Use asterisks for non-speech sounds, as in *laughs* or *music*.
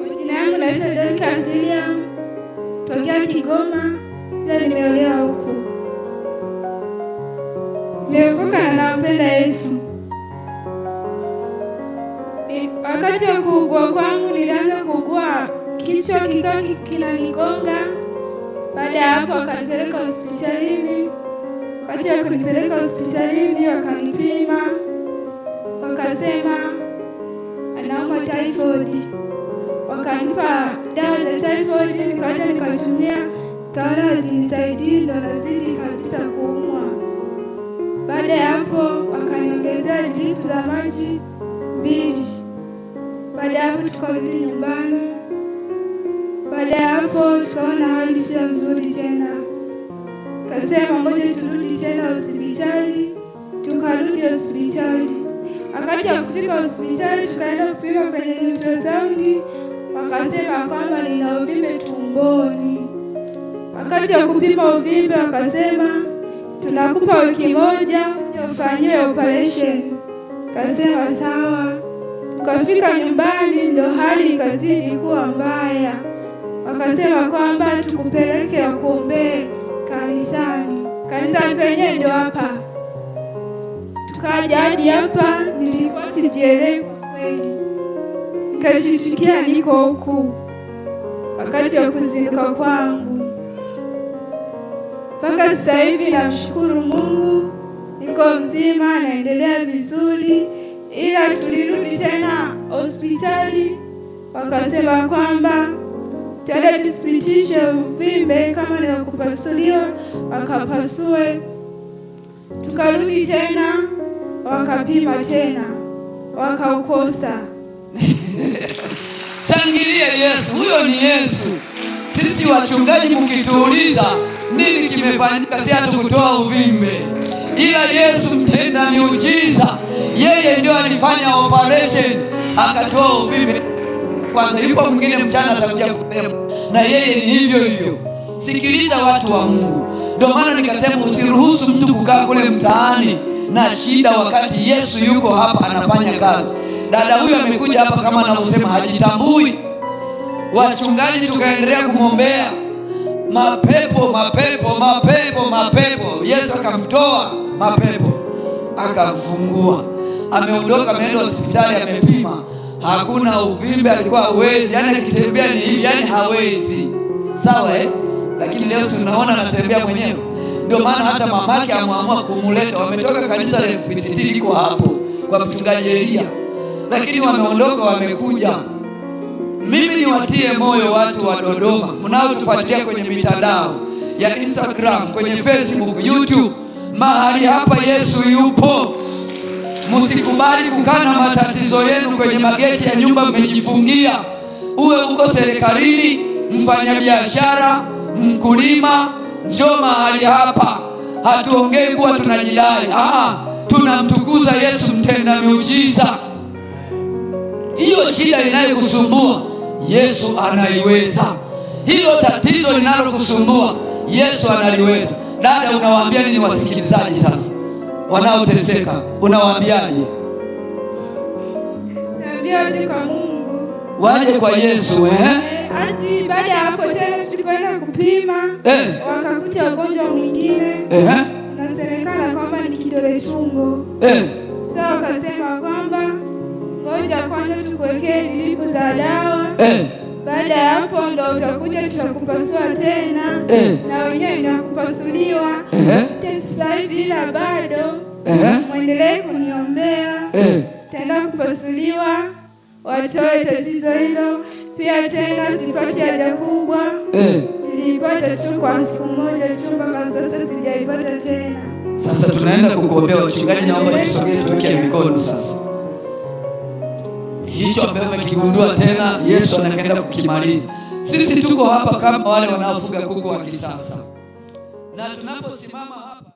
Majina yangu naitwa Dorika Asilia tokea Kigoma, ila nimeolewa huko. Nimeokoka na nampenda Yesu. Wakati wa kuugua kwangu nilianza kuugua kichwa kikawa kinanigonga. Baada ya hapo wakanipeleka hospitalini. Wakati wakanipeleka hospitalini wakanipima, wakasema wa Wakanipa dawa za typhoid, nikaja nikatumia, kaona zinisaidii ndo nazidi kabisa kuumwa. Baada ya hapo wakaniongezea drip za maji mbili. Baada ya hapo tukarudi nyumbani. Baada ya hapo tukaona hali sio nzuri tena, kasema moja turudi tena hospitali. Tukarudi hospitali Wakati ya kufika hospitali, tukaenda kupima kwenye ultrasound, wakasema kwamba nina uvimbe tumboni. Wakati ya kupima uvimbe, wakasema tunakupa wiki moja ufanyie operation. Kasema sawa. Tukafika nyumbani, ndo hali ikazidi kuwa mbaya, wakasema kwamba tukupeleke wakuombee kanisani. Kanisani penye ndo hapa tukaja hadi hapa, nilikuwa sijielewi kweli, nikashitukia niko huku wakati wa kuzinduka kwangu. Mpaka sasa hivi namshukuru Mungu, niko mzima, naendelea vizuri, ila tulirudi tena hospitali wakasema kwamba tena tuthibitishe uvimbe kama ni kupasuliwa, wakapasue. Tukarudi tena wakapima tena wakaukosa. *laughs* Shangilie Yesu, huyo ni Yesu. Sisi wachungaji mkituuliza nini kimefanyika, si hata kutoa uvimbe, ila Yesu mtenda miujiza, yeye ndio alifanya operation akatoa uvimbe kwanza, yupo mwingine mchana atakuja kusema, na yeye ni hivyo hivyo. Sikiliza watu wa Mungu, ndio maana nikasema usiruhusu mtu kukaa kule mtaani na shida, wakati Yesu yuko hapa anafanya kazi. Dada huyu amekuja hapa kama anavyosema, hajitambui. Wachungaji tukaendelea kumwombea, mapepo mapepo mapepo mapepo. Yesu akamtoa mapepo, akamfungua. Ameondoka, ameenda hospitali, amepima, hakuna uvimbe, alikuwa hawezi, yani akitembea ni hivi, yani hawezi. Sawa eh? Lakini leo si unaona anatembea mwenyewe ndio maana hata mamake ameamua kumuleta, wametoka kanisa la FPCT liko hapo kwa mchungaji Elia, lakini wameondoka wamekuja. Mimi niwatie moyo watu wa Dodoma mnaotufuatilia kwenye mitandao ya Instagram, kwenye Facebook, YouTube, mahali hapa Yesu yupo. Msikubali kukana matatizo yenu kwenye mageti ya nyumba mmejifungia, uwe uko serikalini, mfanyabiashara, mkulima ndio mahali hapa hatuongei kuwa tunajidai, ah, ah, tunamtukuza Yesu mtenda miujiza. Hiyo shida inayokusumbua Yesu anaiweza. Hilo tatizo linalokusumbua Yesu analiweza. Dada, unawaambia nini wasikilizaji sasa wanaoteseka? Unawaambiaje? waje kwa Yesu eh? eh? Hadi baada ya hapo tena tulipoenda kupima eh, wakakuta ugonjwa mwingine eh, nasemekana eh? kwamba ni kidole chungo eh. Sasa wakasema kwamba ngoja kwanza tukuwekee dilipu za dawa eh. Baada ya hapo ndo utakuja tutakupasua tena eh, na wenyewe nakupasuliwa eh. Sasa hivi ila bado eh, mwendelee kuniombea eh, taenda kupasuliwa watoe tatizo hilo pia tena zipate haja kubwa eh. tu kwa siku moja tu, mpaka sasa sijaipata tena. Sasa tunaenda kukuombea. Wachungaji, naomba tusogee, tuweke mikono sasa. Hicho ambayo amekigundua tena, Yesu anaenda kukimaliza. Sisi tuko hapa kama wale wanaofuga kuku wa kisasa, na tunaposimama hapa